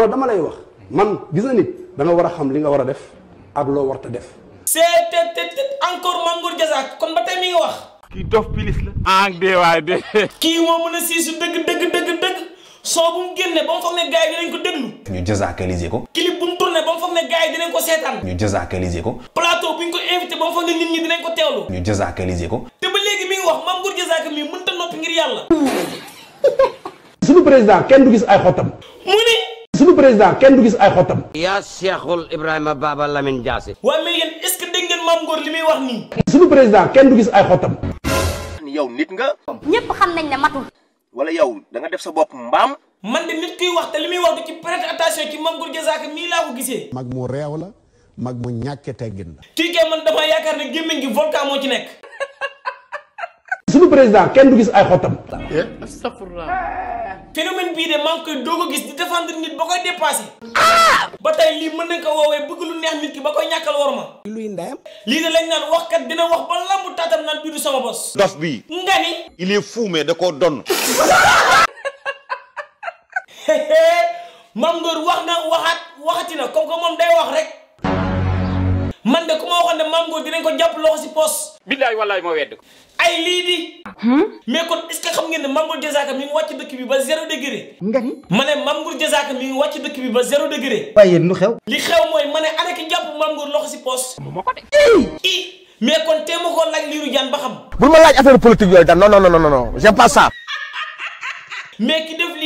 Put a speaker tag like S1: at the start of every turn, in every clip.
S1: non dama lay wax man gis na nit war a xam li nga war a def ak loo warta def. c'est encore Mame Goor Diazaka kon kii dof pilis la. ah dee dëgg soo ko déglu. ñu jazaakalisé ko. ba ko ñu jazaakalisé ko. plateau bu ñu ko ko teewlu. te ba wax Mame Goor Diazaka mi mënta noppi ngir yàlla. suñu président kenn du gis ay xottam. mu ne. suñu président kenn du gis ay xottam. ya Cheikhul Ibrahima Baba Lamine Diassé. waaye mais yéen est-ce que ngeen maam Ngor li muy wax nii. suñu président kenn du gis ay xottam. yow nit nga. ñëpp xam nañ ne matul. wala yow danga def sa bopp mbaam. man de nit kuy wax te li muy wax du ci prête attention ci maam Ngor Diazaka mii laa ko gisee. mag mu réew la mag mu ñàkk teggin la. kii man dama yaakaar ne gémmiñ gi volcan moo ci nekk. suñu président kenn du gis ay xotam. astaghfirullah phénomène bi de manque dogo gis di défendre nit bako dépassé. Ah! ba tay li mën nañ ko woowee bëgg lu neex nit ki bako ñakkal worma luy ndayam. li de lañ wax kat dina wax ba lamb tatam naan bii sama bos. dof bi ngani il est fou mais da koo donn. Mame Ngor wax na waxat waxati na comme que mom day wax rek. man de kuma waxone mam Ngor dinañ ko japp loxo ci poste billaay wallaay moo wedd ko ay lii di hmm? mais kon est-ce que xam ngeen ne Mame Goor Diazaka mi dëkk bi ba zéro degré nga ni ma ne Mame Goor Diazaka mi ngi wàcc dëkk bi ba zéro degré waaye lu xew li xew mooy ma ne ana ki jàpp Mame Goor loxo si poos moo ko de i mais kon tee ma koo laaj liiru ba xam bul ma laaj affaire politique yooyu daal non non non non j'aime ki def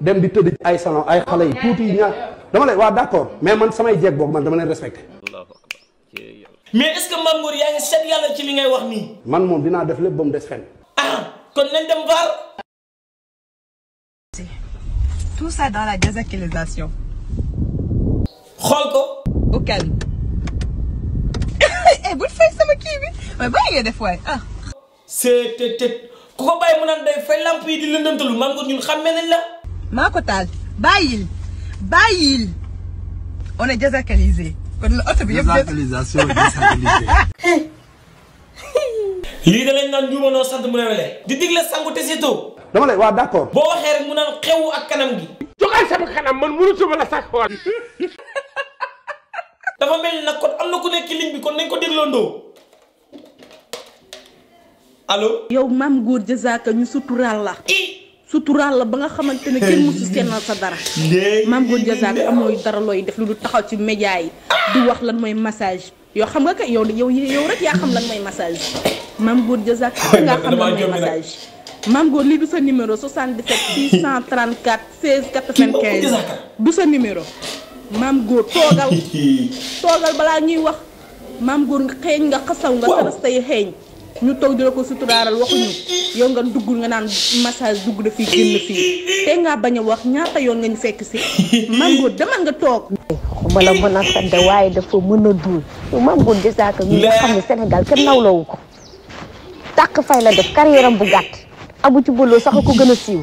S1: dem di teud ay salon ay xalé yi tuuti ñaar dama lay wa d'accord mais man samay jeeg boobu man dama leen respecté. mais est-ce que mamour ya yaa ngi seet yàlla ci li ngay wax ni man moom dinaa def lepp ba mu des fenn. ah kon nañ dem vaar. tout ça dans la désacralisation. xol ko. au calme. eh bul fay sama kii bi mais bàyyi nga def waay ah. c'est ku ko bàyyi mu nan day fay lampe yi di lëndëntalu mamour ñun xamé nañ la. maa ko taal bàyyil bàyyil on est désacralisé kon la oto bi yëpp désacralisation désacralisé lii da leen naan juumanoo sant mu ne wele di digle sangu te sitôt dama lay waa d'accord boo waxee rek mu naan xewu ak kanam gi joxal sama kanam man mënatuma la sax xool dafa mel ni nag kon am na ku nekk ci ligne bi kon nañ ko dégloo ndoo allo yow maam góor jëzaaka ñu suturaal la suturaal la ba nga xamante ne kenn mësu seenal sa dara. maam Góor Diazaka amooy dara looy def lu du taxaw ci média yi di wax lan mooy massage yow xam nga kay yow yow yow rek yaa xam lan mooy massage maam Góor Diazaka nga xam lan mooy massage maam góor lii du sa numéro 77 634 16 95 du sa numéro maam góor toogal toogal balaa ñuy wax maam góor xeeñ nga xasaw nga sa rasta yi xeeñ ñu toog di la ko suturaaral waxuñu yow nga duggul nga naan massage dugg na fii génn fii te ngaa bañ a wax ñaata yoon nga ñu fekk si Mangor dama nga toog. xuma la mën a sedd waaye dafa mën a duul Mangor déjà que ñu nga xam ne Sénégal kenn nawlawu ko tàkk fay la def carrière am bu gàtt abu ci bëloo sax ko gën a siiw.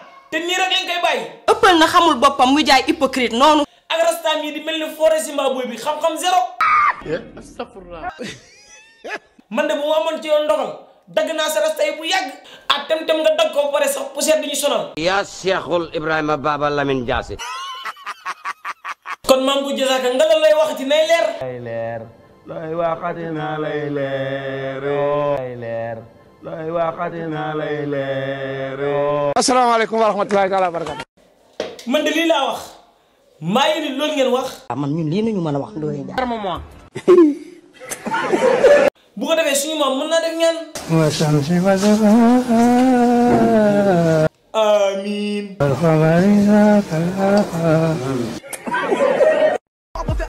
S1: te ni rek lañ koy bàyyi. ëppal na xamul bopam muy jaay hypocrite nonu ak rastaam yi di melni ni forêt Zimbabwe bi xam-xam zéro. Eh, astaghfirullah man de bu amon ci yon ndogal dag na sa rasta yi bu yàgg. ah tem tem nga dag ko pare sax pousser duñu sonal. ya Cheikhul Ibrahima Baba Lamine jassi kon mangu bu nga la lay wax ci nay leer. lay leer lay waxati na lay leer. lay leer assalamualaikum warahmatullahi wabarakatuh taala wa man de lii laa wax maa ngi ni loolu ngeen wax ah, man ñun li nañu mëna wax ndooy jaar mo mo bu ko defee suñu moom mën naa def ñaan wasam si wasaba amin al